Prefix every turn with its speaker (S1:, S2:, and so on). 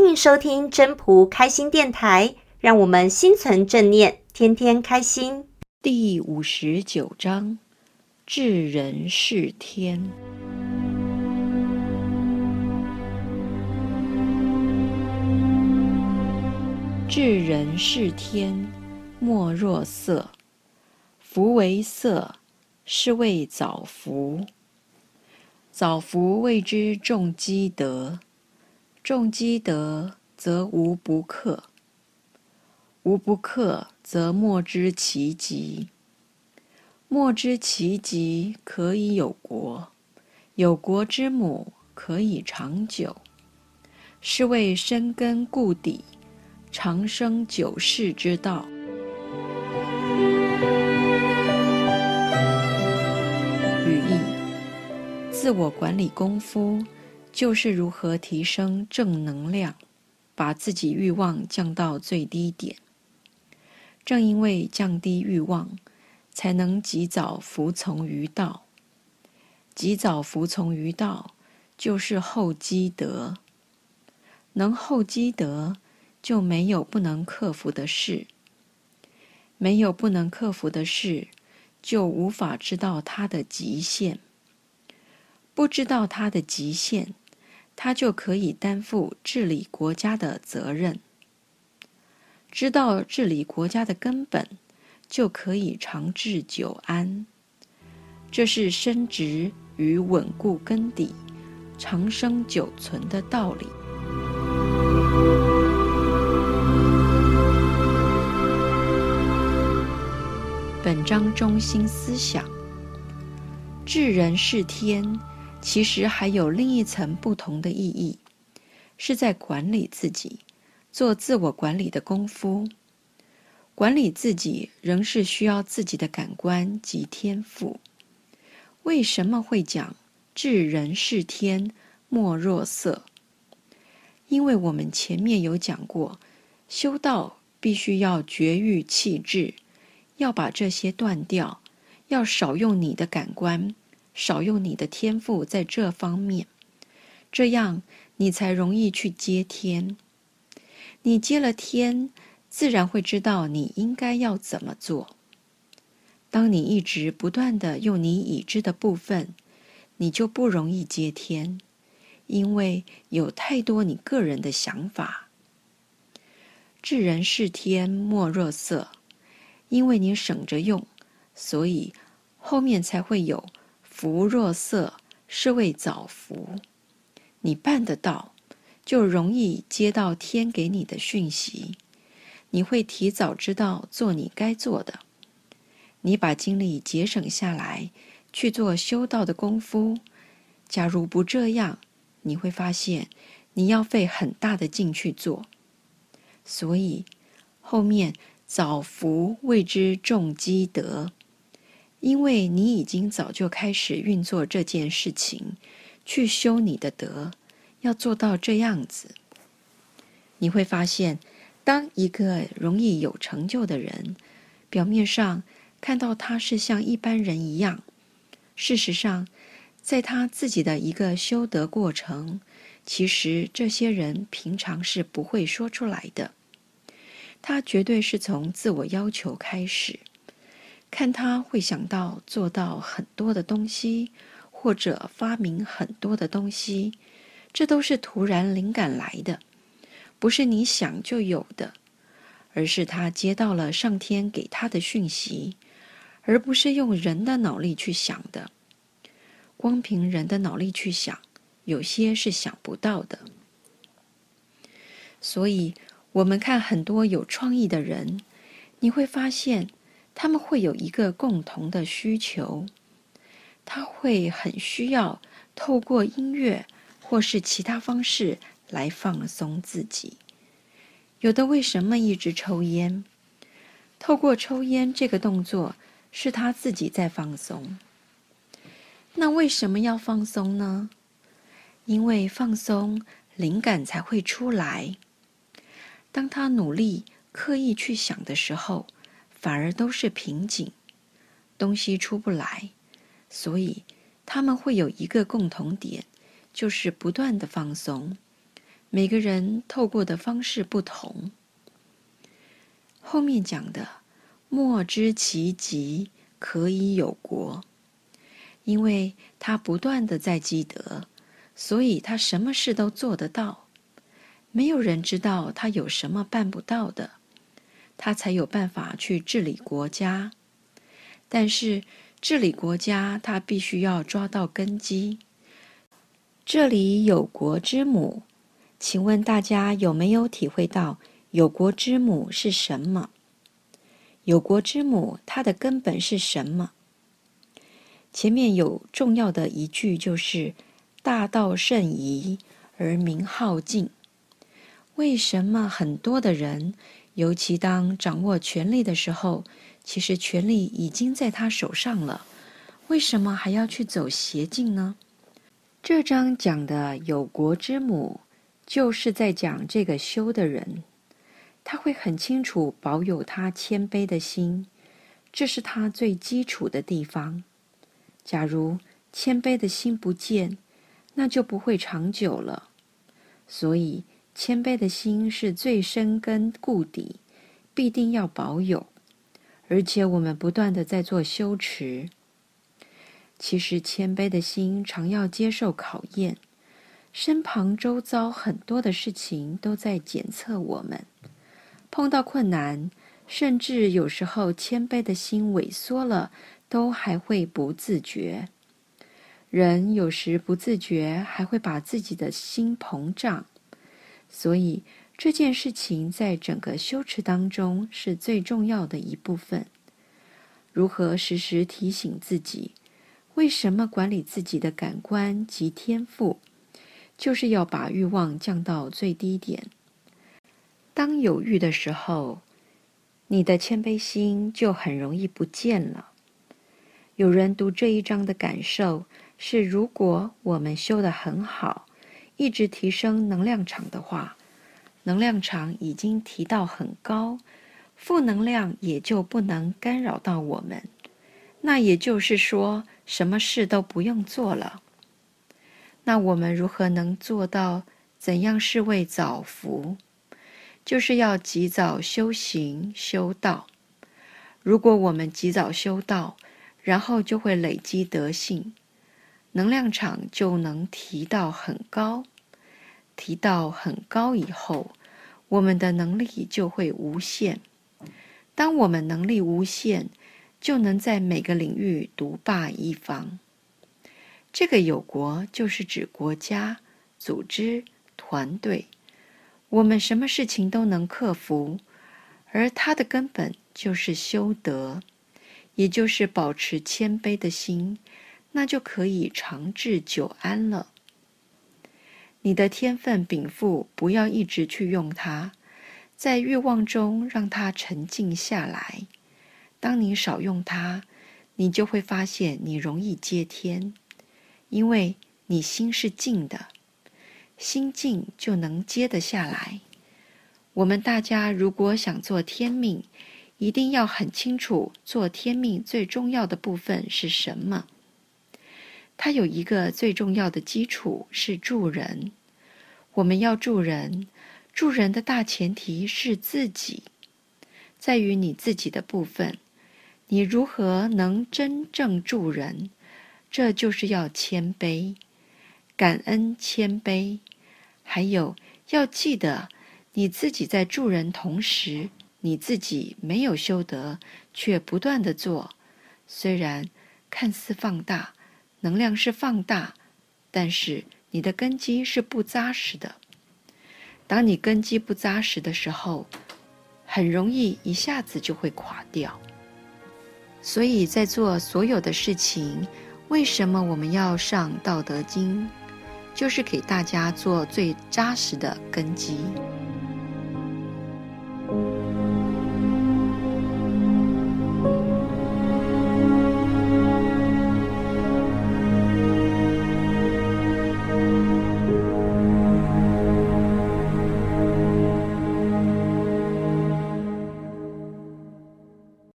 S1: 歡迎收聽真樸開心電台，讓我們心存正念，天天開心。第五十九章：治人事天，治人事天，莫若嗇。夫唯嗇，是謂早服。早服謂之重積德。重積德，則無不克；無不克，則莫知其極。莫知其極，可以有國；有國之母，可以長久。是謂深根固柢，長生久視之道。語義：自我管理功夫。就是如何提升正能量，把自己欲望降到最低點。正因為降低欲望，才能及早服從於道。及早服從於道，就是厚積德。能厚積德，就沒有不能克服的事。沒有不能克服的事，就無法知道它的極限。不知道它的極限。他就可以擔負治理國家的責任，知道治理國家的根本，就可以長治久安。這是深植與穩固根底、長生久存的道理。本章中心思想：治人事天。其實還有另一層不同的意義，是在管理自己，做自我管理的功夫。管理自己仍是需要自己的感官及天賦。為什麼會講“治人事天，莫若嗇”？因為我們前面有講過，修道必須要絕欲棄智，要把這些斷掉，要少用你的感官。少用你的天賦在這方面，這樣你才容易去接天。你接了天，自然會知道你應該要怎麼做。當你一直不斷地用你已知的部分，你就不容易接天，因為有太多你個人的想法。治人事天，莫若嗇，因為你省着用，所以後面才會有。夫唯嗇，是謂早服，你辦得到，就容易接到天給你的訊息，你會提早知道做你該做的。你把精力節省下來去做修道的功夫。假如不這樣，你會發現你要費很大的勁去做。所以後面早服謂之重積德。因為你已經早就開始運作這件事情，去修你的德，要做到這樣子，你會發現，當一個容易有成就的人，表面上看到他是像一般人一樣，事實上，在他自己的一個修德過程，其實這些人平常是不會說出來的，他絕對是從自我要求開始。看他會想到做到很多的東西，或者發明很多的東西，這都是突然靈感來的，不是你想就有的，而是他接到了上天給他的訊息，而不是用人的腦力去想的。光憑人的腦力去想，有些是想不到的。所以，我們看很多有創意的人，你會發現。他們會有一個共同的需求，他會很需要透過音樂或是其他方式來放鬆自己。有的為什麼一直抽煙？透過抽煙這個動作是他自己在放鬆。那為什麼要放鬆呢？因為放鬆，靈感才會出來。當他努力刻意去想的時候，反而都是瓶頸，東西出不來，所以他們會有一個共同點，就是不斷的放鬆。每個人透過的方式不同。後面講的“莫知其極，可以有國”，因為他不斷的在積德，所以他什麼事都做得到，沒有人知道他有什麼辦不到的。他才有辦法去治理國家，但是治理國家，他必須要抓到根基。這裡有“國之母”，請問大家有沒有體會到“有國之母”是什麼？“有國之母”它的根本是什麼？前面有重要的一句就是“大道甚夷，而民好徑”。為什麼很多的人？尤其當掌握權力的時候，其實權力已經在他手上了，為什麼還要去走邪徑呢？這章講的“有國之母”，就是在講這個修的人，他會很清楚保有他謙卑的心，這是他最基礎的地方。假如謙卑的心不見，那就不會長久了。所以，謙卑的心是最深根固柢，必定要保有。而且我們不斷地在做修持。其實謙卑的心常要接受考驗，身旁周遭，很多的事情都在檢測我們。碰到困難，甚至有時候謙卑的心萎縮了，都還會不自覺。人有時不自覺，還會把自己的心膨脹。所以這件事情在整個修持當中是最重要的一部分。如何時時提醒自己？為什麼管理自己的感官及天賦？就是要把欲望降到最低點。當有欲的時候，你的謙卑心就很容易不見了。有人讀這一章的感受是：如果我們修得很好。一直提升能量場的話，能量場已經提到很高，負能量也就不能干擾到我們。那也就是說，什麼事都不用做了。那我們如何能做到？怎樣是謂早服？就是要及早修行修道。如果我們及早修道，然後就會累積德性。能量場就能提到很高，提到很高以後，我們的能力就會無限。當我們能力無限，就能在每個領域獨霸一方。這個有國就是指國家、組織、團隊，我們什麼事情都能克服，而它的根本就是修德，也就是保持謙卑的心。那就可以長治久安了。你的天分稟賦不要一直去用它，在欲望中讓它沉靜下來。當你少用它，你就會發現你容易接天，因為你心是靜的，心靜就能接得下來。我們大家如果想做天命，一定要很清楚做天命最重要的部分是什麼？它有一個最重要的基礎是助人，我們要助人，助人的大前提是自己，在於你自己的部分，你如何能真正助人，這就是要謙卑，感恩謙卑，還有要記得你自己在助人同時，你自己沒有修德，卻不斷的做，雖然看似放大。能量是放大，但是你的根基是不扎實的。當你根基不扎實的時候，很容易一下子就會垮掉。所以在做所有的事情，為什麼我們要上《道德經》，就是給大家做最扎實的根基。